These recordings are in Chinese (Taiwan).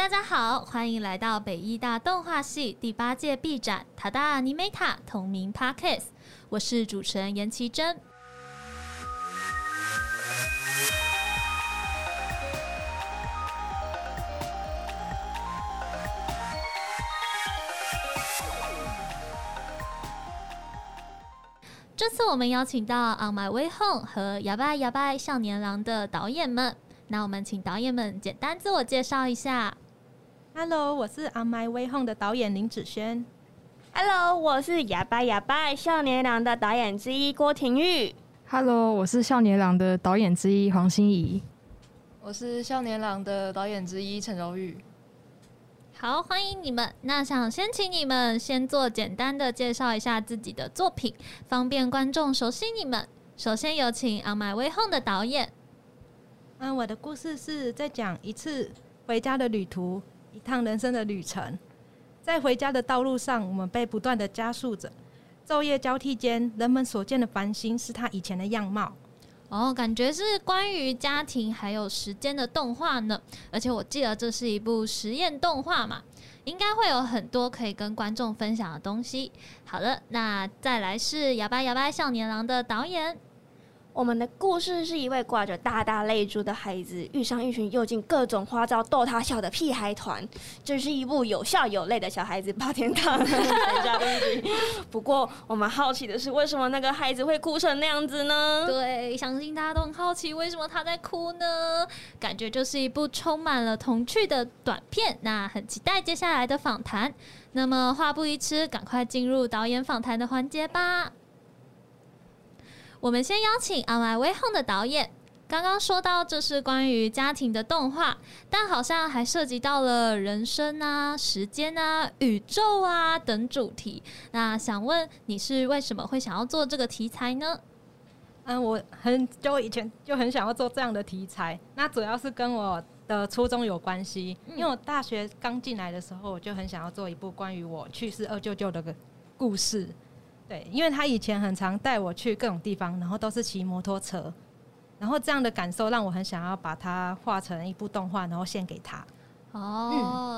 大家好，歡迎來到北藝大動畫系第八屆畢展《塔噠 Animeta》ada, ata, 同名 Podcast，我是主持人嚴奇珍。這次我們邀請到《On My Way Home》和《牙拜牙拜笑年郎》的導演們，那我們請導演們簡單自我介紹一下。Hello，我是《On My Way Home》的導演林芷暄。Hello，我是《牙拜牙拜！笑年郎！》的導演之一郭庭毓。Hello，我是《笑年郎》的導演之一黃馨儀。我是《笑年郎》的導演之一陳柔羽。好，歡迎你們。那想先請你們先做簡單的介紹一下自己的作品，方便觀眾熟悉你們。首先有請《On My Way Home》的導演。嗯，我的故事是在講一次回家的旅途。一趟人生的旅程，在回家的道路上，我們被不斷的加速着。晝夜交替間，人們所見的繁星是他以前的樣貌。哦，感覺是關於家庭還有時間的動畫呢。而且我記得這是一部實驗動畫嘛，應該會有很多可以跟觀眾分享的東西。好了，那再來是《牙拜牙拜！笑年郎！》的導演。我們的故事是一位掛着大大淚珠的孩子遇上一群用盡各種花招逗他笑的屁孩團，這是一部有笑有淚的小孩子八天大 不過，我們好奇的是，為什麼那個孩子會哭成那樣子呢？對，相信大家都很好奇為什麼他在哭呢？感覺就是一部充滿了童趣的短片。那很期待接下來的訪談。那麼話不宜遲，趕快進入導演訪談的環節吧。我們先邀請《On My Way Home》的導演。剛剛說到這是關於家庭的動畫，但好像還涉及到了人生啊、時間啊、宇宙啊等主題。那想問，你是為什麼會想要做這個題材呢？嗯，我很久以前就很想要做這樣的題材。那主要是跟我的初衷有關係，嗯、因為我大學剛進來的時候，我就很想要做一部關於我去世二舅舅的個故事。對，因為他以前很常帶我去各種地方，然後都是騎摩托車，然後這樣的感受讓我很想要把它畫成一部動畫，然後獻給他。哦，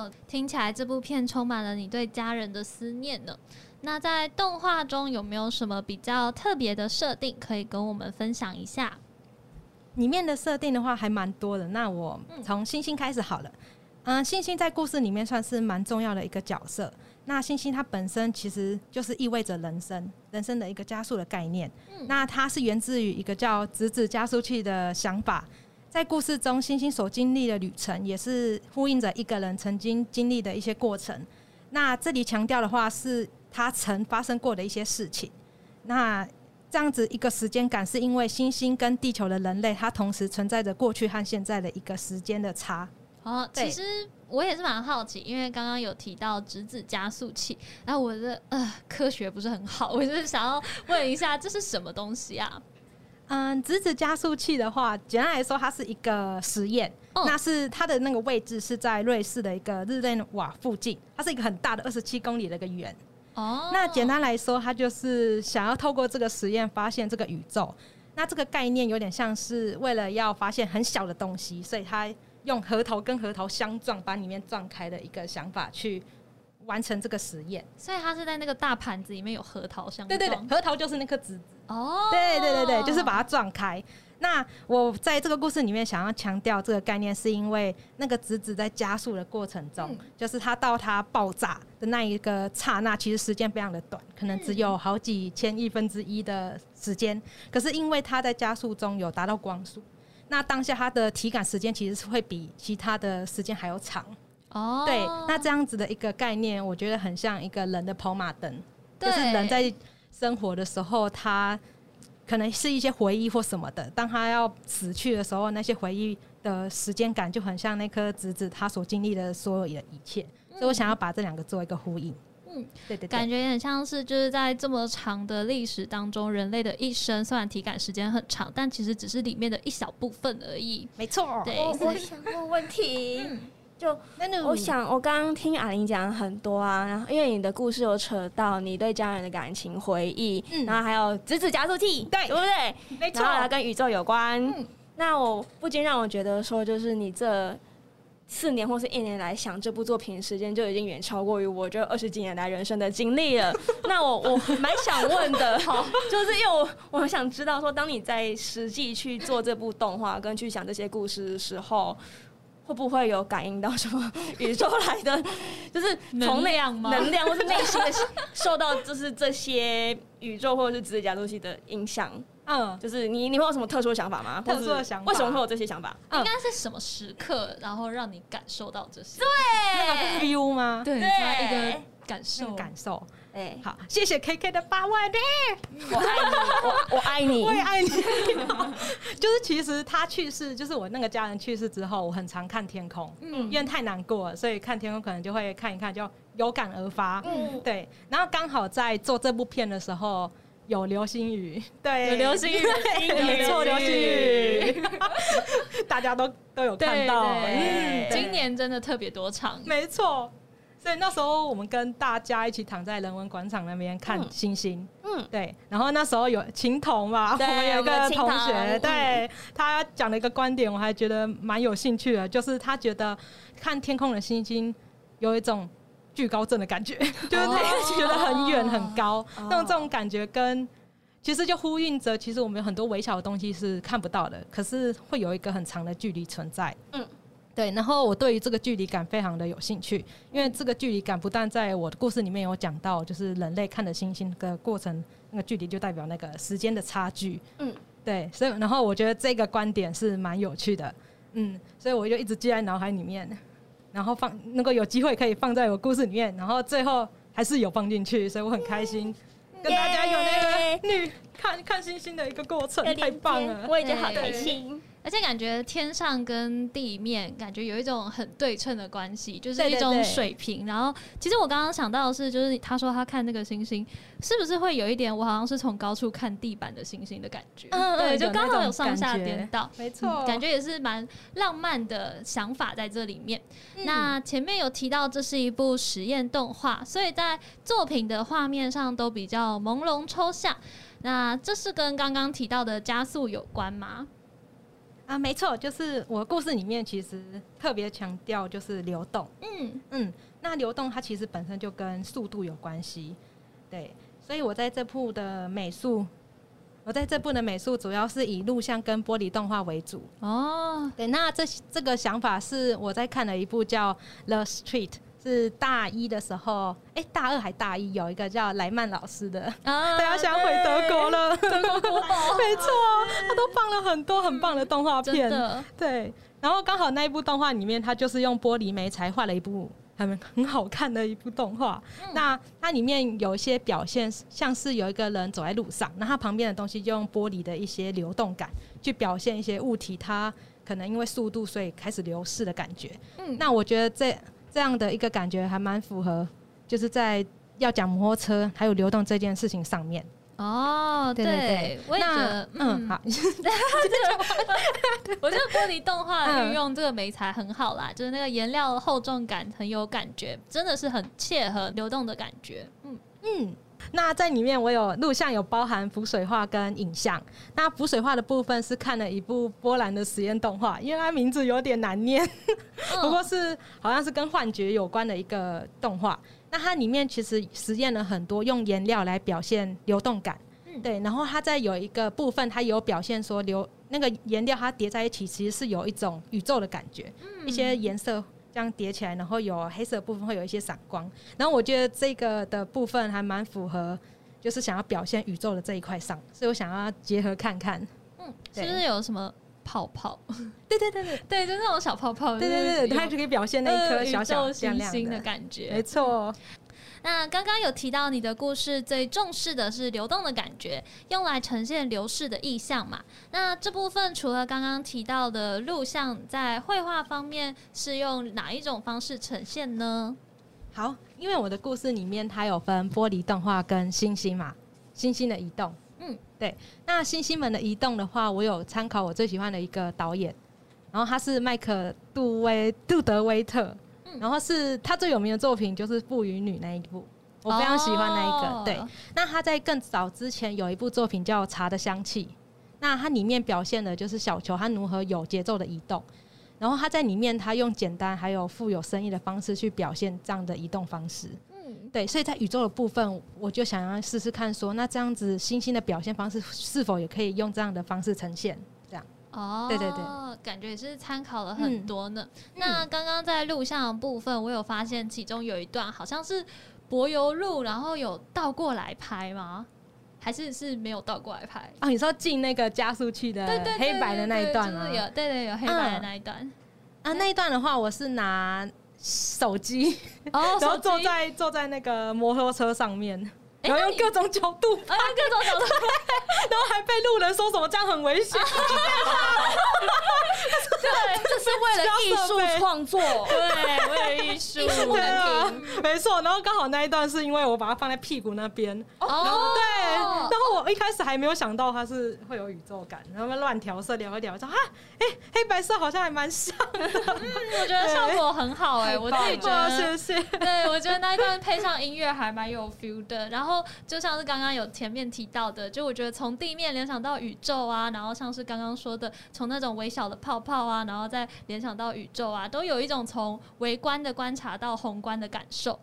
嗯，聽起來這部片充滿了你對家人的思念呢。那在動畫中有沒有什麼比較特別的設定可以跟我們分享一下？裡面的設定的話還蠻多的，那我從星星開始好了。嗯，呃，星星在故事裡面算是蠻重要的一個角色。那星星它本身其實就是意味着人生，人生的一個加速的概念。嗯，那它是源自於一個叫“粒子加速器”的想法。在故事中，星星所經歷的旅程也是呼應着一個人曾經經歷的一些過程。那這裡強調的話是它曾發生過的一些事情。那這樣子一個時間感，是因為星星跟地球的人類，它同時存在着過去和現在的一個時間的差。哦、啊，對其實。我也是蠻好奇，因為剛剛有提到質子加速器，然後我的呃科學不是很好，我就是想要問一下，這是什麼東西啊？嗯，質子加速器的話，簡單來說，它是一個實驗，哦，那是它的那個位置是在瑞士的一個日內瓦附近，它是一個很大的二十七公里的一個圓。哦，那簡單來說，它就是想要透過這個實驗發現這個宇宙。那這個概念有點像是為了要發現很小的東西，所以它。用核桃跟核桃相撞，把裡面撞開的一個想法去完成這個實驗。所以他是在那個大盤子裡面有核桃相撞。對對對，核桃就是那顆籽籽。哦。對對對對，就是把它撞開。那我在這個故事裡面想要強調這個概念，是因為那個籽籽在加速的過程中，嗯、就是它到它爆炸的那一個剎那，其實時間非常的短，可能只有好幾千億分之一的時間。嗯、可是因為它在加速中有達到光速，那當下他的體感時間其實是會比其他的時間還要長哦。Oh. 對，那這樣子的一個概念，我覺得很像一個人的跑馬燈，對就是人在生活的時候，他可能是一些回憶或什麼的。當他要死去的時候，那些回憶的時間感就很像那顆子子他所經歷的所有的一切。嗯。所以我想要把這兩個做一個呼應。嗯，對對，感覺有點像是就是在這麼長的歷史當中，人類的一生雖然體感時間很長，但其實只是裡面的一小部分而已。沒錯錯，對、哦。我想問問題， 嗯、就，就我想，我剛剛聽阿玲講很多啊，然後因為你的故事有扯到你對家人的感情回憶，嗯，然後還有指指加速器，對，對不對？沒錯錯，然後它跟宇宙有關。嗯、那我不禁讓我覺得說，就是你這。四年或是一年來想這部作品的時間就已經遠超過於我這二十幾年來人生的經歷了。 那我我蠻想問的，哈，就是因為我我很想知道說，當你在實際去做這部動畫跟去想這些故事的時候，會不會有感應到什麼 宇宙來的，就是從能量、能量或是內心的 受到，就是這些宇宙或者是其他東西的影響。嗯，就是你，你會有什麼特殊的想法嗎？特殊的想法，為什麼會有這些想法？應該是什麼時刻，然後讓你感受到這些？對，那個 view 嗎？對，那一個感受，感受。哎，好，謝謝 KK 的八萬，我愛你，我愛你，我也愛你。就是其實他去世，就是我那個家人去世之後，我很常看天空，嗯，因為太難過了，所以看天空可能就會看一看，就有感而發，嗯，對。然後剛好在做這部片的時候。有流星雨，對，有流星雨，沒錯，流星雨，大家都都有看到。嗯，今年真的特別多場，沒錯。所以那時候我們跟大家一起躺在人文廣場那邊看星星，嗯，對。然後那時候有琴童嘛，我們有一個同學對他講了一個觀點，我還覺得蠻有興趣的，就是他覺得看天空的星星有一種。懼高症的感覺，就是覺得很遠很高，哦、那種這種感覺跟其實就呼應着，其實我們有很多微小的東西是看不到的，可是會有一個很長的距離存在。嗯，對。然後我對於這個距離感非常的有興趣，因為這個距離感不但在我的故事裡面有講到，就是人類看着星星的過程，那個距離就代表那個時間的差距。嗯，對。所以然後我覺得這個觀點是蠻有趣的，嗯，所以我就一直記在腦海裡面。然後放能夠有機會可以放在我故事裡面，然後最後還是有放進去，所以我很開心，耶跟大家有那個女看看星星的一個過程。太棒了，我也覺得好開心。對而且感覺天上跟地面感覺有一種很對稱的關係，就是一種水平。對對對。然後其實我剛剛想到的是，就是他說他看那個星星，是不是會有一點我好像是從高處看地板的星星的感覺？嗯嗯，嗯對，嗯、對就剛好有上下顛倒，沒錯、嗯，感覺也是蠻浪漫的想法在這裡面。嗯、那前面有提到這是一部實驗動畫，所以在作品的畫面上都比較朦朧抽象。那這是跟剛剛提到的加速有關嗎？啊，沒錯，就是我的故事裡面其實特別強調就是流動，嗯嗯，那流動它其實本身就跟速度有關係，對，所以我在這部的美術，我在這部的美術主要是以錄像跟玻璃動畫為主哦。對，那這這個想法是我在看了一部叫《The Street》。是大一的時候，哎、欸，大二還大一，有一個叫萊曼老師的，大家想、啊、回德國了，德國，國，國 沒錯，他都放了很多很棒的動畫片，嗯、對。然後剛好那一部動畫裡面，他就是用玻璃媒材畫了一部很很好看的一部動畫。嗯、那它裡面有一些表現，像是有一個人走在路上，那他旁邊的東西就用玻璃的一些流動感去表現一些物體，它可能因為速度所以開始流逝的感覺。嗯，那我覺得這。這樣的一個感覺還蠻符合，就是在要講摩托車還有流動這件事情上面哦，對，對對對，我也覺得那嗯、嗯、嗯好，我覺得玻璃動畫運用這個媒材很好啦， 就是那個顏料厚重感很有感覺，真的是很切合流動的感覺，嗯嗯。嗯那在裡面，我有錄像，有包含浮水畫跟影像。那浮水畫的部分是看了一部波蘭的實驗動畫，因為它名字有點難念，哦、 不過是好像是跟幻覺有關的一個動畫。那它裡面其實實驗了很多用顏料來表現流動感，嗯、對。然後它在有一個部分，它有表現說流那個顏料它疊在一起，其實是有一種宇宙的感覺，嗯、一些顏色。這樣疊起來，然後有黑色的部分會有一些閃光，然後我覺得這個的部分還蠻符合，就是想要表現宇宙的這一塊上，所以我想要結合看看。嗯，對是不是有什麼泡泡？對對對對，對，就那種小泡泡。對對對，它有就可以表現那一顆小小，小、呃、星星的感覺。沒錯、哦。嗯那剛剛有提到你的故事最重視的是流動的感覺，用來呈現流逝的意象嘛。那這部分除了剛剛提到的錄像，在繪畫方面是用哪一種方式呈現呢？好，因為我的故事裡面它有分玻璃動畫跟星星嘛，星星的移動。嗯，對。那星星們的移動的話，我有參考我最喜歡的一個導演，然後他是邁克·杜威，杜德威特。然後是他最有名的作品，就是《父與女》那一部，我非常喜歡那一個。哦、對，那他在更早之前有一部作品叫《茶的香氣》，那它裡面表現的就是小球它如何有節奏的移動。然後他在裡面他用簡單還有富有深意的方式去表現這樣的移動方式。嗯，對，所以在宇宙的部分，我就想要試試看說，說那這樣子星星的表現方式是否也可以用這樣的方式呈現。哦，對對對，感覺也是參考了很多呢。嗯、那剛剛在錄像的部分，我有發現其中有一段好像是柏油路，然後有倒過來拍嗎？還是是沒有倒過來拍？哦，你說進那個加速器的對對對對對黑白的那一段嗎？啊？對對，對有黑白的那一段。嗯、啊，那一段的話，我是拿手機，哦、然後坐在機坐在那個摩托車上面。然後用各種角度拍誒，各種角度然後還被路人說什麼這樣很危險。啊、 對，這是為了藝術創作，對，為了藝術作、啊、沒錯。然後剛好那一段是因為我把它放在屁股那邊。哦，對，哦對。然後我一開始還沒有想到它是會有宇宙感，然後亂調色，調啊調，說啊，哎，黑白色好像還蠻像的，嗯、我覺得效果很好、欸。哎，我自己覺得、哦、謝謝對，我覺得那一段配上音樂還蠻有 feel 的。然後。就像是剛剛有前面提到的，就我覺得從地面聯想到宇宙啊，然後像是剛剛說的，從那種微小的泡泡啊，然後再聯想到宇宙啊，都有一種從微觀的觀察到宏觀的感受。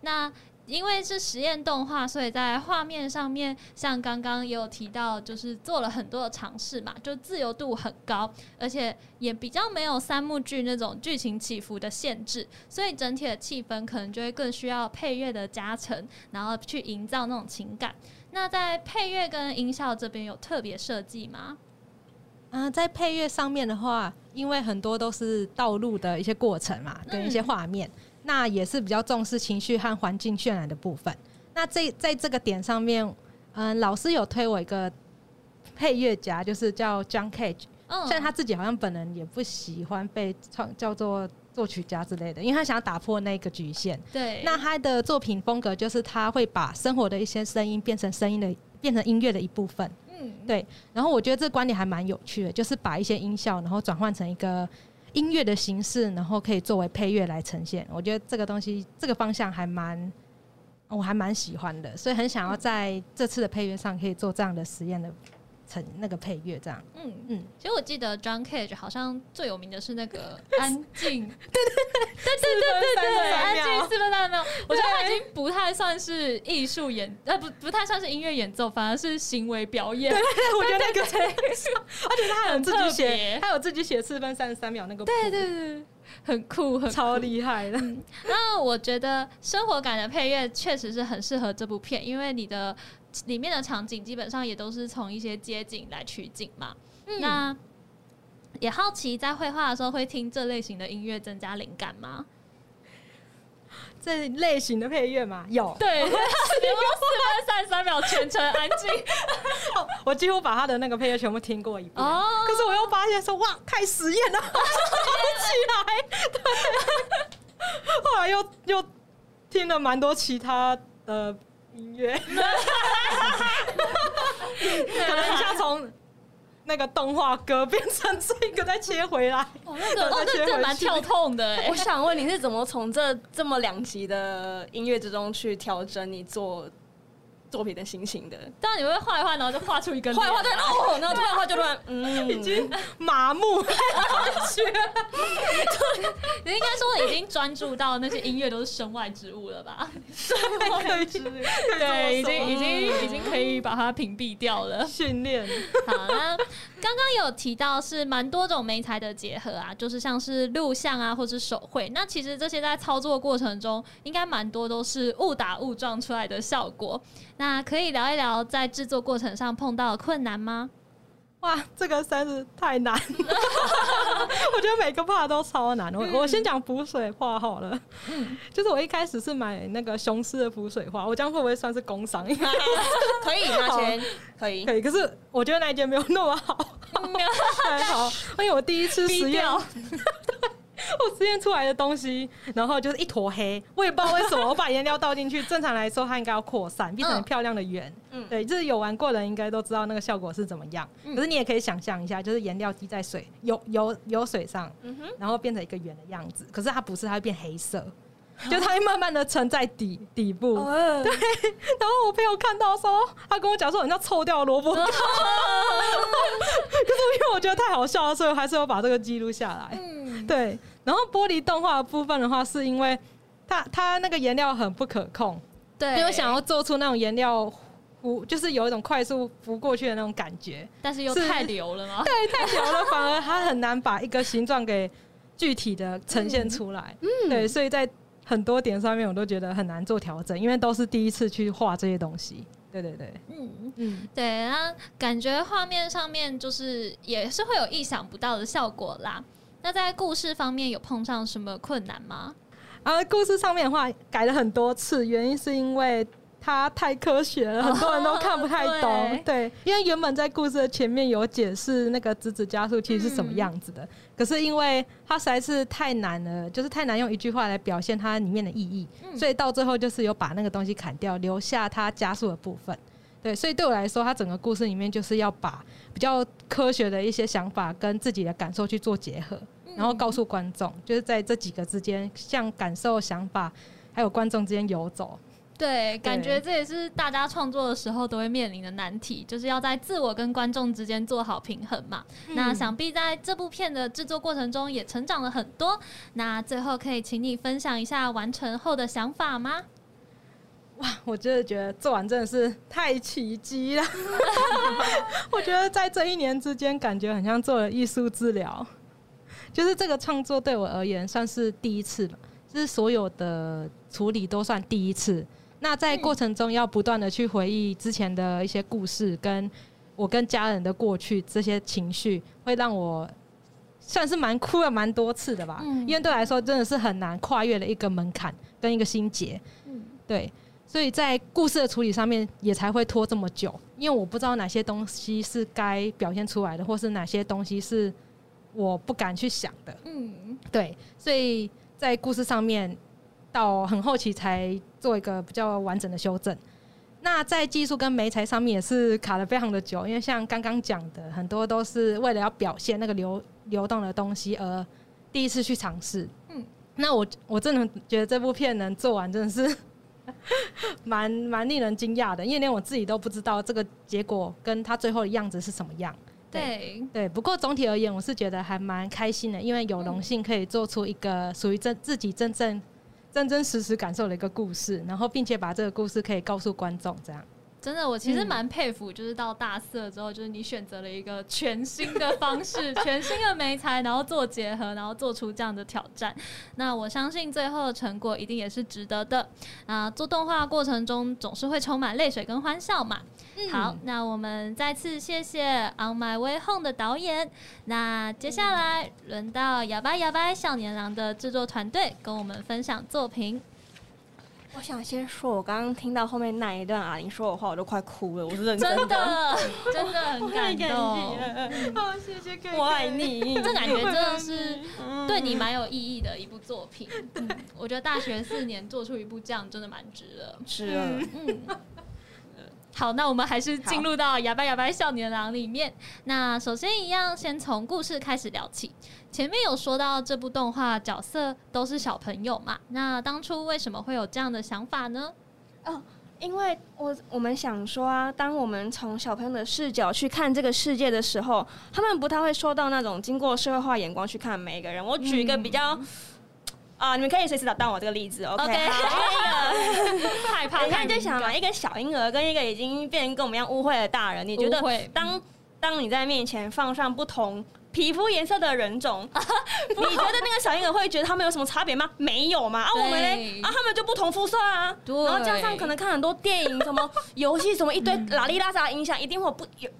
那因為是實驗動畫，所以在畫面上面，像剛剛也有提到，就是做了很多的嘗試嘛，就自由度很高，而且也比較沒有三幕劇那種劇情起伏的限制，所以整體的氣氛可能就會更需要配樂的加成，然後去營造那種情感。那在配樂跟音效這邊有特別設計嗎？嗯、呃，在配樂上面的話，因為很多都是道路的一些過程嘛，嗯、跟一些畫面。那也是比較重視情緒和環境渲染的部分。那這在，在這個點上面，嗯，老師有推我一個配樂家，就是叫 John Cage，哦。嗯，雖然他自己好像本人也不喜歡被創叫做作曲家之類的，因為他想要打破那個局限。對。那他的作品風格就是他會把生活的一些聲音變成聲音的，變成音樂的一部分。嗯，對。然後我覺得這觀點還蠻有趣的，就是把一些音效然後轉換成一個。音樂的形式，然後可以作為配樂來呈現。我覺得這個東西，這個方向還蠻，我還蠻喜歡的，所以很想要在這次的配樂上可以做這樣的實驗的。那個配樂這樣，嗯嗯，其實我記得 John Cage 好像最有名的是那個安靜，對對對對對對，安靜四分三十三秒，我覺得他已經不太算是藝術演，呃不，不太算是音樂演奏，反而是行為表演。對，我覺得那個，而且他很特別，他有自己寫四分三十三秒那個，對對對，很酷，超厲害的。那我覺得生活感的配樂確實是很適合這部片，因為你的。裡面的場景基本上也都是從一些街景來取景嘛，嗯、那也好奇，在繪畫的時候會聽這類型的音樂增加靈感嗎？這類型的配樂嘛，有。對，對，對，零點四分三十三秒全程 安靜靜。我幾乎把他的那個配樂全部聽過一遍，哦、可是我又發現說，哇，太實驗了，講 起來。 對。 後來又又聽了蠻多其他的呃。音樂， 可能一下從那個動畫歌變成這個，再切回來，那個這蠻跳痛的。我想問你是怎麼從這這麼兩極的音樂之中去調整你做作品的心情的，但你會畫一畫，然後就畫出一根；畫一畫，對哦，然後突然畫就亂，嗯，已經麻木感覺。你應該說已經專注到那些音樂都是身外之物了吧？身外之物，對，已經已經已經可以把它屏蔽掉了。訓練好了。剛剛有提到是蠻多種媒材的結合啊，就是像是錄像啊，或是手繪。那其實這些在操作過程中，應該蠻多都是誤打誤撞出來的效果。那可以聊一聊在製作過程上碰到的困難嗎？哇，這個真是太難了！ 我覺得每個 part 都超難。我、嗯、我先講補水畫好了，嗯、就是我一開始是買那個雄獅的補水畫，我這樣會不會算是工傷？ 可以拿錢，好可以，可以。可是我覺得那一件沒有那麼好，好， 太好，因為我第一次使用。逼掉 我實驗出來的東西，然後就是一坨黑，我也不知道為什麼。我把顏料倒進去， 正常來說它應該要擴散，變成漂亮的圓。嗯，對，就是有玩過的人應該都知道那個效果是怎麼樣。嗯、可是你也可以想象一下，就是顏料滴在水、有、有有水上，嗯、哼然後變成一個圓的樣子。可是它不是，它會變黑色，啊、就它會慢慢的沉在底底部。啊、對，然後我朋友看到說，他跟我講說，很像臭掉蘿蔔糕。嗯、 可是因為我覺得太好笑了，所以我還是要把這個記錄下來。嗯、對。然後玻璃動畫的部分的話，是因為它它那個顏料很不可控，對，因為想要做出那種顏料浮就是有一種快速浮過去的那種感覺，但是又太流了嗎，對，太流了， 反而它很難把一個形狀給具體的呈現出來，嗯，對，所以在很多點上面我都覺得很難做調整，因為都是第一次去畫這些東西，對對對，嗯嗯，對啊，感覺畫面上面就是也是會有意想不到的效果啦。那在故事方面有碰上什麼困難嗎？啊，故事上面的話改了很多次，原因是因為它太科學了，哦、很多人都看不太懂。對，對，因為原本在故事的前面有解釋那個質子、子加速器是什麼樣子的，嗯、可是因為它實在是太難了，就是太難用一句話來表現它裡面的意義，嗯、所以到最後就是有把那個東西砍掉，留下它加速的部分。對，所以對我來說，它整個故事裡面就是要把比較科學的一些想法跟自己的感受去做結合。然後告訴觀眾，就是在這幾個之間，像感受、想法，還有觀眾之間遊走。對，感覺這也是大家創作的時候都會面臨的難題，對就是要在自我跟觀眾之間做好平衡嘛。嗯、那想必在這部片的制作過程中也成長了很多。那最後可以請你分享一下完成後的想法嗎？哇，我真的覺得做完真的是太奇蹟了。我覺得在這一年之間，感覺很像做了藝術治療。就是這個創作對我而言算是第一次吧，就是所有的處理都算第一次。那在過程中要不斷的去回憶之前的一些故事，跟我跟家人的過去，這些情緒會讓我算是蠻哭了蠻多次的吧。嗯，因為對來說真的是很難跨越了一個門檻跟一個心結。嗯，對，所以在故事的處理上面也才會拖這麼久，因為我不知道哪些東西是該表現出來的，或是哪些東西是。我不敢去想的，嗯，對，所以在故事上面到很後期才做一個比較完整的修正。那在技術跟媒材上面也是卡了非常的久，因為像剛剛講的，很多都是為了要表現那個流流動的東西而第一次去嘗試。嗯，那我我真的覺得這部片能做完真的是蠻 蠻令人驚訝的，因為連我自己都不知道這個結果跟他最後的樣子是什麼樣。對對，不過總體而言，我是覺得還蠻開心的，因為有榮幸可以做出一個屬於真自己真正真真實實感受的一個故事，然後並且把這個故事可以告訴觀眾，這樣真的，我其實蠻佩服，嗯、就是到大四了之後，就是你選擇了一個全新的方式， 全新的媒材，然後做結合，然後做出這樣的挑戰。那我相信最後的成果一定也是值得的啊、呃！做動畫的過程中總是會充滿淚水跟歡笑嘛。嗯、好，那我們再次謝謝《On My Way Home》的導演。那接下來輪到《牙拜牙拜！笑年郎》的制作團隊跟我們分享作品。我想先說，我剛剛聽到後面那一段阿、啊、玲說的話，我都快哭了。我是認真的， 真的，真的很感動。好、嗯哦，謝謝可以可以，我愛你。我感這感覺真的是對你蠻有意義的一部作品、嗯對 嗯。我覺得大學四年做出一部這樣，真的蠻值的。是對，嗯。嗯 好，那我們還是進入到《牙拜牙拜！笑年郎》裡面。好那首先一樣，先從故事開始聊起。前面有說到這部動畫角色都是小朋友嘛？那當初為什麼會有這樣的想法呢？哦，因為我我們想說、啊，當我們從小朋友的視角去看這個世界的時候，他們不太會說到那種經過社會化眼光去看每一個人。我舉一個比較、嗯。比較啊！你們可以隨時打斷我這個例子，OK？okay. 好一個不 害怕，你看就想嘛，一個小嬰兒跟一個已經變成跟我們一樣污穢的大人，你覺得當會當你在面前放上不同皮膚顏色的人種，嗯、你覺得那個小嬰兒會覺得他們有什麼差別嗎？ 沒有嗎？啊，我們嘞對啊，他們就不同膚色啊，對。然後加上可能看很多電影、什麼遊戲、 什麼一堆拉里拉撒的影響，嗯、一定會不有。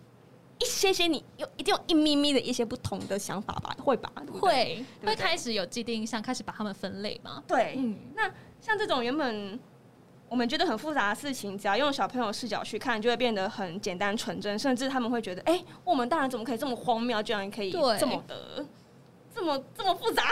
一些些你，你有一定有一咪咪的一些不同的想法吧，會吧？對對，會，對對，會開始有既定印象，開始把他們分類嗎？對，嗯，那像這種原本我們覺得很複雜的事情，只要用小朋友視角去看，就會變得很簡單純真，甚至他們會覺得，哎，我們大人怎麼可以這麼荒謬，居然可以這麼的對這麼這麼複雜？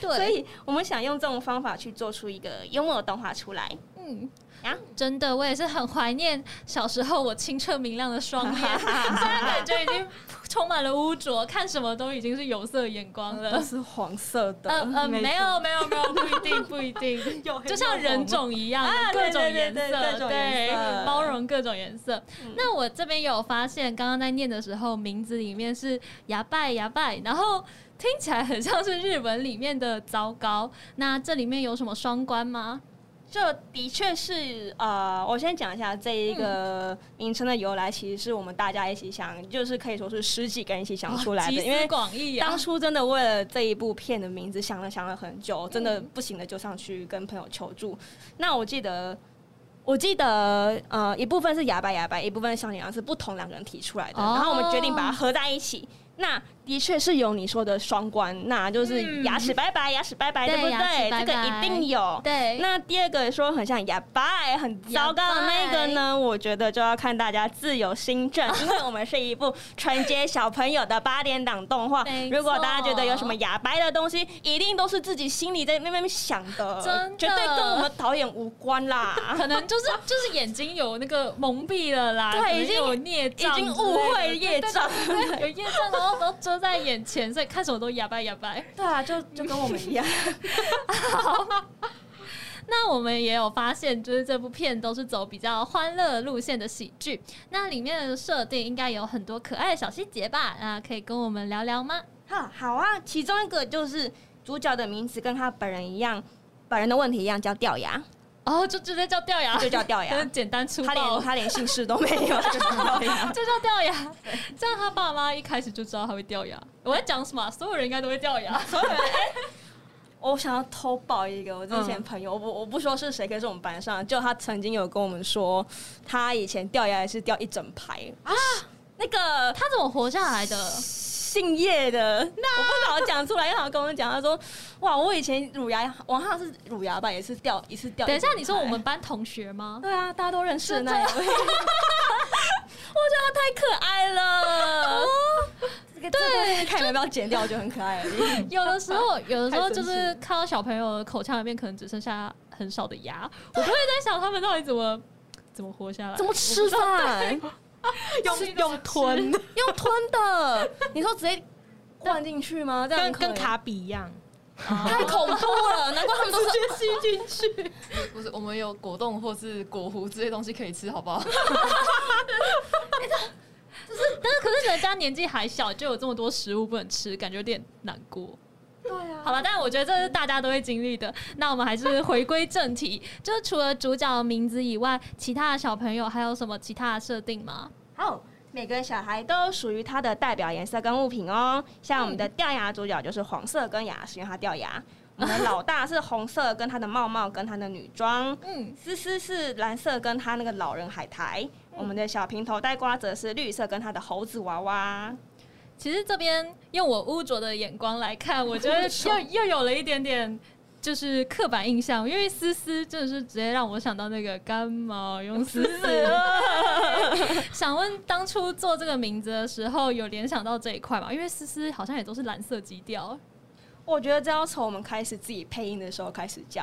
對，所以我們想用這種方法去做出一個幽默的動畫出來，嗯。啊！真的，我也是很懷念小時候我清澈明亮的雙眼，現在感覺已經充滿了污濁，看什麼都已經是有色眼光了。那是黃色的。呃呃，沒有沒有沒有，不一定不一定，就像人種一樣，各種顏色，對，包容各種顏色。那我這邊也有發現，剛剛在念的時候，名字裡面是“牙拜牙拜”，然後聽起來很像是日文裡面的“糟糕”。那這裡面有什麼雙關嗎？這的確是呃，我先講一下這一個名稱的由來，其實是我們大家一起想，就是可以說是十幾個人一起想出來的。哦啊、集思廣益啊！因為！當初真的為了這一部片的名字想了想了很久，真的不行的就上去跟朋友求助。嗯、那我記得，我記得呃，一部分是牙拜“牙拜牙拜”，一部分“笑年郎”是不同兩個人提出來的，哦、然後我們決定把它合在一起。那的確是有你說的雙關，那就是牙齒白白，牙齒白白，對不對？這個一定有。對。那第二個說很像牙白很糟糕的那個呢？我覺得就要看大家自由心證，因為我們是一部純潔小朋友的八點檔動畫。如果大家覺得有什麼牙白的東西，一定都是自己心裡在那邊想的，真的，絕對跟我們導演無關啦。可能就是就是眼睛有那個蒙蔽了啦，對，已經有孽障，已經誤會孽障，有孽障然後都。 都在眼前，所以看什麼都牙拜牙拜。對啊，就就跟我們一樣。 好好 那我們也有發現，就是這部片都是走比較歡樂路線的喜劇。那裡面的設定應該有很多可愛的小細節吧？那可以跟我們聊聊嗎？好，好啊，其中一個就是主角的名字跟他本人一樣，本人的問題一樣，叫掉牙。哦，oh，就直接叫掉牙，就叫掉牙， 就是簡單粗暴。他連他連姓氏都沒有， 就叫掉牙。 這樣他爸媽一開始就知道他會掉牙。我在講什麼？所有人應該都會掉牙。所有人。我想要偷爆一個我之前朋友，我不我不說是誰，可是我們班上，就他曾經有跟我們說，他以前掉牙也是掉一整排 啊。那個他怎麼活下來的？姓葉的，那我不好講出來，他好跟我們講。他說：“哇，我以前乳牙，往上是乳牙吧，也是掉一次掉。次”等一下，你說我們班同學嗎？對啊，大家都認識的那一位。這 我覺得他太可愛了，哦、對，看要不要剪掉就很可愛了。 有的時候，有的時候就是看到小朋友的口腔裡面可能只剩下很少的牙，對我不會在想他們到底怎麼怎麼活下來，怎麼吃飯。用吞、啊，用吞的， 你說直接灌進去嗎？這樣跟，跟卡比一樣，哦、太恐怖了。 難怪他們都是直接吸進去。不是，我們有果凍或是果糊之類的東西可以吃，好不好、 欸？就是，但是可是人家年紀還小，就有這麼多食物不能吃，感覺有點難過。對、啊、好吧，但是我覺得這是大家都會經歷的。那我們還是回歸正題， 就是除了主角的名字以外，其他的小朋友還有什麼其他的設定嗎？好，每個小孩都屬於他的代表顏色跟物品哦。像我們的掉牙主角就是黃色跟牙，是因為他掉牙。我們的老大是紅色跟他的帽帽跟他的女裝。嗯，思思是藍色跟他那個老人海苔。我們的小平頭帶瓜則是綠色跟他的猴子娃娃。其實這邊用我污濁的眼光來看，我覺得又 醜又有了一點點就是刻板印象，因為思思就是直接讓我想到那個干毛用思思。想問當初做這個名字的時候，有聯想到這一塊嗎？因為思思好像也都是藍色基調。我覺得這要從我們開始自己配音的時候開始講。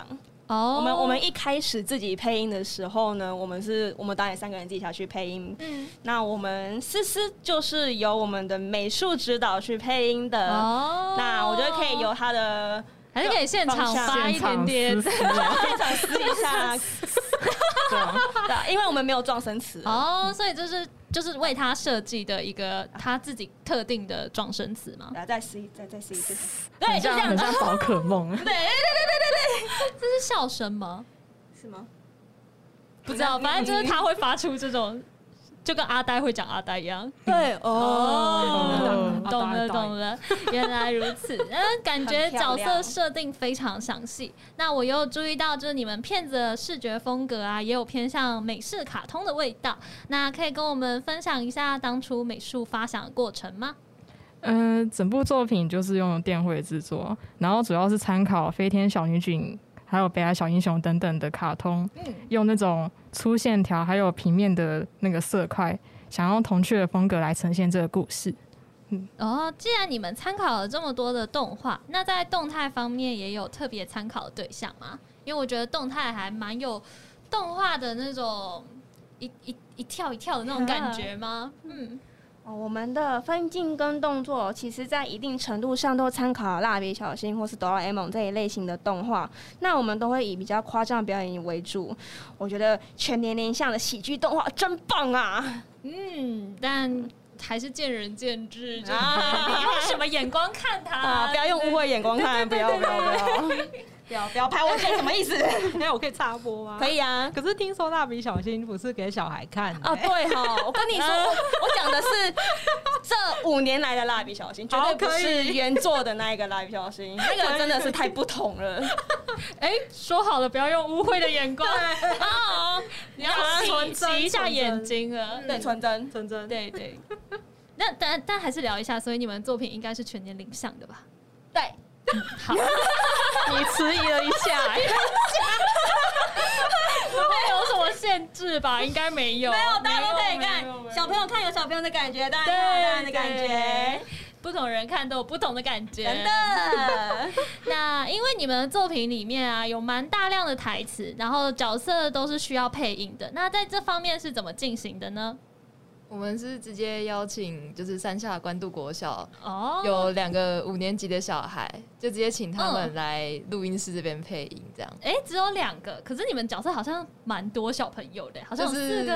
Oh. 我們我們一開始自己配音的時候呢，我們是我們導演三個人自己下去配音。嗯，那我們思思就是由我們的美術指導去配音的。哦，oh. 那我覺得可以由他的，還是可以現場發一點點，現場私底下。 對、啊，因為我們沒有撞生詞。哦，oh, 所以就是。就是為他設計的一個他自己特定的狀聲詞嗎？來、啊，再試一再再試一次，對，就這樣很像寶可夢，啊、對對對對對對，這是笑聲嗎？是嗎？不知道，知道反正就是他會發出這種。就跟阿呆會講阿呆一樣，對哦，懂了、哦嗯、懂了，原來如此。嗯， 感覺角色設定非常詳細。那我又注意到，就是你們片子的視覺風格啊，也有偏向美式卡通的味道。那可以跟我們分享一下當初美術發想的過程嗎？嗯、呃，整部作品就是用電繪制作，然後主要是參考《飛天小女警》。還有《北海小英雄》等等的卡通，嗯、用那種粗線條，還有平面的那個色塊，想用童趣的風格來呈現這個故事。嗯，哦，既然你們參考了這麼多的動畫，那在動態方面也有特別參考的對象嗎？因為我覺得動態還蠻有動畫的那種一一一跳一跳的那種感覺嗎？ 嗯。哦，oh, 我們的分鏡跟動作，其實在一定程度上都參考蠟筆小新或是哆啦 A 夢這一類型的動畫。那我們都會以比較誇張的表演為主。我覺得全年齡向的喜劇動畫真棒啊！嗯，但還是見仁見智，你用什麼眼光看他、 啊？不要用誤會眼光看，不要 不要。不要不要 不要不要拍我，講什麼意思？沒有，我可以插播嗎？可以啊。可是聽說蠟筆小新不是給小孩看的啊？對哈，我跟你說，我講的是這五年來的蠟筆小新，絕對不是原作的那一個蠟筆小新，那個真的是太不同了。哎，說好了不要用污穢的眼光，你要洗洗一下眼睛啊！對，純真，純真，對對。那，但但還是聊一下，所以你們作品應該是全年齡向的吧？對。 好， 你遲疑了一下，不會 有什麼限制吧？應該沒有， 沒有，沒有，沒有大家都可以看。小朋友看有小朋友的感覺，大人看有大人的感覺， 不同人看都有不同的感覺。真的 那因為你們的作品裡面啊有蠻大量的台詞，然後角色都是需要配音的，那在這方面是怎麼進行的呢？我們是直接邀請，就是山下關渡國小，oh、有兩個五年級的小孩，就直接請他們來錄音室這邊配音，這樣。哎、嗯，欸，只有兩個，可是你們角色好像蠻多小朋友的，好像有四個？是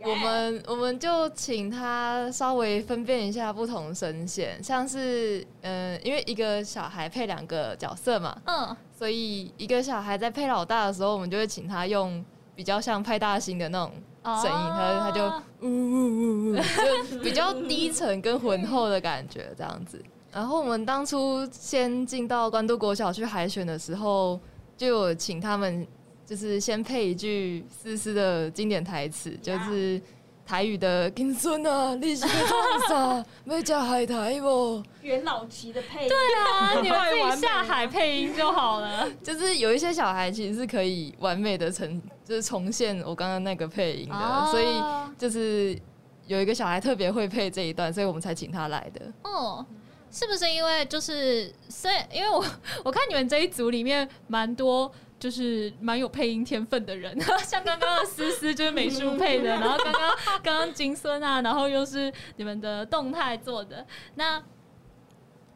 我們 Yeah 我們就請他稍微分辨一下不同聲線，像是嗯，因為一個小孩配兩個角色嘛，嗯，所以一個小孩在配老大的時候，我們就會請他用比較像派大星的那種。聲音，他他就嗚嗚嗚，就比較低沉跟渾厚的感覺這樣子。然後我們當初先進到關渡國小去海選的時候，就有請他們就是先配一句思思的經典台詞，就是。台語的金孫啊，力氣好沒加海苔哦。元老級的配音，對啊，你們自己下海配音就好了。 就是有一些小孩其實是可以完美的呈，就是重現我剛剛那個配音的，啊、所以就是有一個小孩特別會配這一段，所以我們才請他來的。哦，是不是因為就是，所以因為我我看你們這一組裡面蠻多。就是蠻有配音天分的人，像剛剛思思就是美術配的， 然後剛剛剛剛金孫啊，然後又是你們的動態做的，那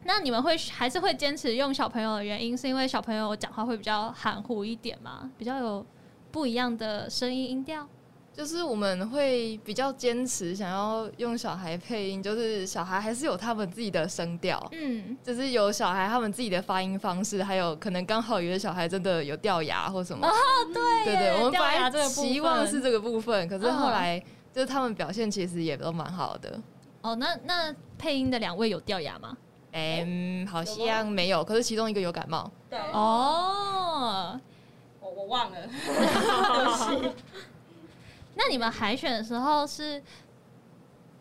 那你們會還是會堅持用小朋友的原因，是因為小朋友講話會比較含糊一點嘛，比較有不一樣的聲音音調。就是我們會比較堅持，想要用小孩配音，就是小孩還是有他們自己的聲調，嗯，就是有小孩他們自己的發音方式，還有可能剛好有些小孩真的有掉牙或什麼。啊、嗯，對，對對，我們本來期望的是這個部分，可是後來就是他們表現其實也都蠻好的。哦，那那配音的兩位有掉牙嗎？嗯，好像沒有，可是其中一個有感冒。對哦，我我忘了。 那你們海選的時候是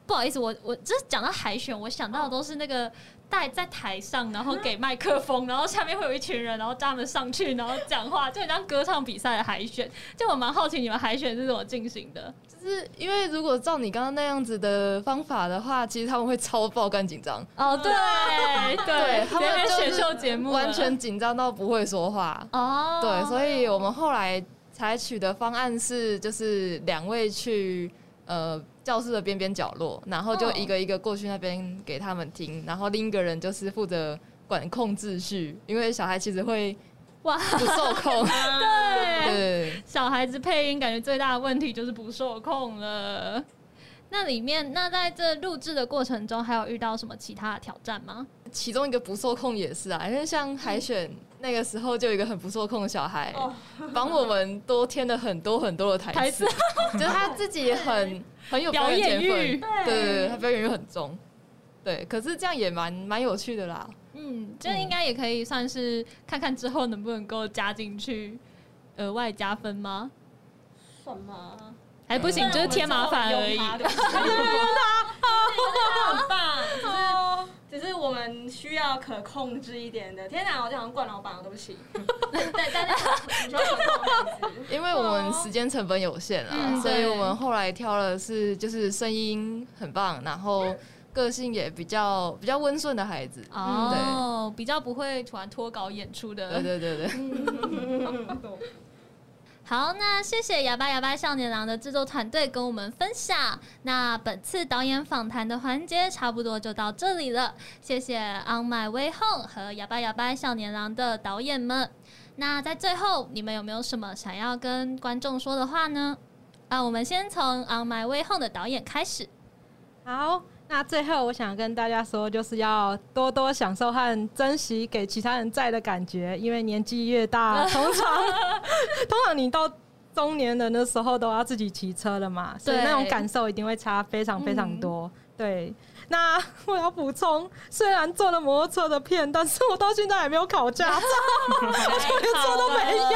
不好意思，我我就是講到海選，我想到的都是那個帶在台上，然後給麥克風，然後下面會有一群人，然後叫他們上去，然後講話，就像歌唱比賽的海選。就我蠻好奇你們海選是怎麼進行的？就是因為如果照你剛剛那樣子的方法的話，其實他們會超爆肝緊張哦，對 對，對他們選秀節目完全緊張到不會說話哦，對，所以我們後來。採取的方案是，就是兩位去呃教室的邊邊角落，然後就一個一個過去那邊給他們聽，哦、然後另一個人就是負責管控秩序，因為小孩其實會哇不受控。哇 對，對小孩子配音感覺最大的問題就是不受控了。那裡面，那在這錄製的過程中，還有遇到什麼其他的挑戰嗎？其中一個不受控也是啊，因為像海選。嗯那個時候就有一個很不受控的小孩，幫我們都添了很多很多的台詞，台詞 就是他自己很很有表演欲，對，對對對他表演欲很重，對。可是這樣也蠻蠻有趣的啦。嗯，這應該也可以算是看看之後能不能夠加進去，額外加分嗎？什麼？還不行，對就是添麻煩而已。不只是我們需要可控制一點的。天哪，喔，我就好像灌老闆，喔，對不起。因為我們時間成本有限啊，嗯、所以我們後來挑了是就是聲音很棒，然後個性也比較比較溫順的孩子。哦、嗯，對比較不會突然脫稿演出的。對對對對。 好，那謝謝《牙拜牙拜！笑年郎》的製作團隊跟我們分享。那本次導演訪談的環節差不多就到這裡了，謝謝《On My Way Home》和《牙拜牙拜！笑年郎》的導演們。那在最後，你們有沒有什麼想要跟觀眾說的話呢？啊，我們先從《On My Way Home》的導演開始。好。那最後，我想跟大家說，就是要多多享受和珍惜給其他人載的感覺，因為年紀越大，通常 通常你到中年人的時候都要自己騎車了嘛，對所以那種感受一定會差非常非常多。嗯、對。那我要補充，雖然做了摩托車的片，但是我到現在還沒有考駕照， 哎、我連車都沒有。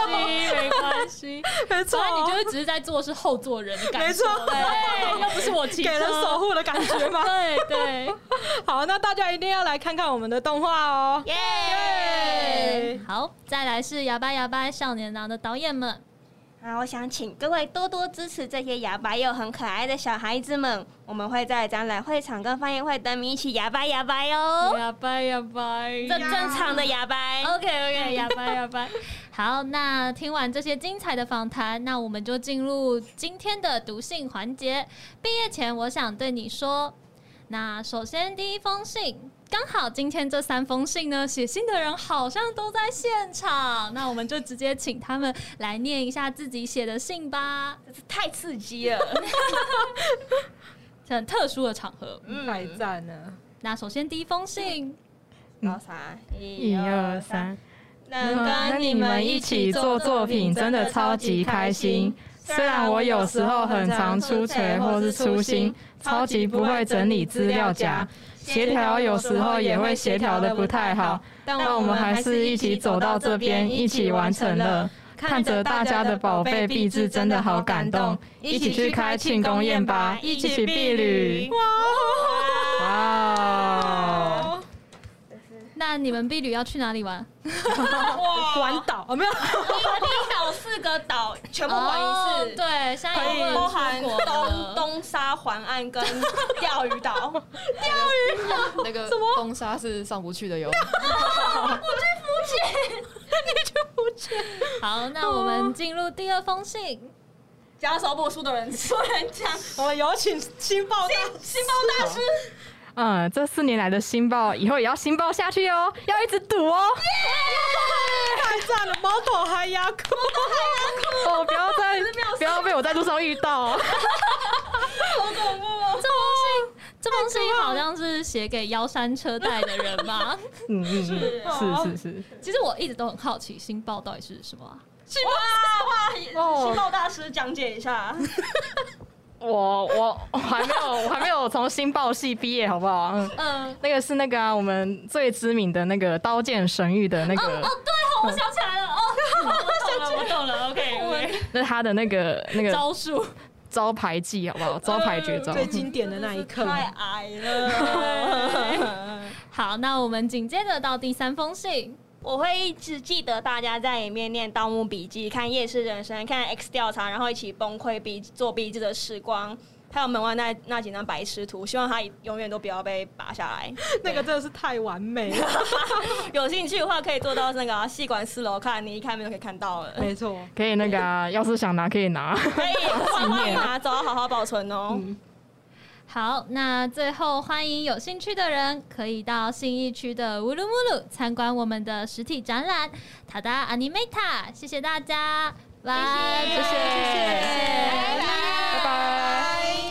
沒關係，沒錯。所錯你就是只是在做是後座人的感覺，沒錯對， 又不是我給人守護的感覺嗎？對 對。對。好，那大家一定要來看看我們的動畫哦！耶。Yeah! Yeah! 好，再來是《牙拜牙拜！笑年郎》的導演們。那我想請各位多多支持這些牙拜又很可愛的小孩子們。我們會在展覽會場跟放映會等你一起牙拜牙拜哦，牙拜牙拜，正正常的牙拜。Yeah. OK OK，牙 拜牙拜。好，那聽完這些精彩的訪談，那我們就進入今天的讀信環節。畢業前，我想對你說，那首先第一封信。剛好今天這三封信呢，寫信的人好像都在現場，那我們就直接請他們來念一下自己寫的信吧，這太刺激了！ 很特殊的場合，嗯、太讚了。那首先第一封信，三、嗯、一，二三，能、嗯、跟你們一起做作品，真的超級開心。雖然我有時候很常出槌或是粗心，超級不會整理資料夾。嗯協調有時候也會協調的不太好，但我們還是一起走到這邊，一起完成了。看着大家的寶貝畢製，真的好感動。一起去開慶功宴吧，一起畢旅。哇！哇哇那你們畢旅要去哪裡玩？環島，我沒有。環島四個島全部環一次，對，現在有包含東東沙環岸跟釣魚島，釣魚島那個東沙是上不去的喲。我去福建。你去福建。好，那我們進入第二封信。加手部書的人不人。我們有請新報大新報大師。嗯，這四年來的新報，以後也要新報下去哦，要一直賭哦。太讚了，貓頭還壓哭，哦，不要再，不要被我在路上遇到，啊。 好恐怖哦！這封信，哦，這封信好像是寫給妖山車貸的人吧？嗯是，哦是，是，是是是。其實我一直都很好奇，新報到底是什麼啊？新報啊，新報大師講解一下。 我我我還沒有，我還沒有從新報系畢業，好不好？嗯嗯，那個是那個啊，我們最知名的那個《刀劍神域》的那個、嗯嗯、哦，對，我想起來了，嗯、哦，我懂了，我懂了，OK，那他的那個那個招數、招牌技，好不好？招牌絕招，呃、最經典的那一刻，太矮了，對對對。好，那我們緊接着到第三封信。我會一直記得大家在裡面念《盜墓筆記》、看《夜市人生》、看《X 調查》，然後一起崩潰筆做筆記的時光，還有門外那那幾張白痴圖，希望它永遠都不要被拔下來。那個真的是太完美了！ 有興趣的話可以坐到那個細、啊、管四樓看，你一開門就可以看到了。沒錯錯，可以那個、啊， 要是想拿可以拿，可以拿， 可以換換拿走，只要好好保存哦。嗯好，那最後歡迎有興趣的人可以到信義區的烏魯木魯參觀我們的實體展覽，塔噠阿尼梅塔。謝謝大家，拜，謝謝，謝謝，拜拜。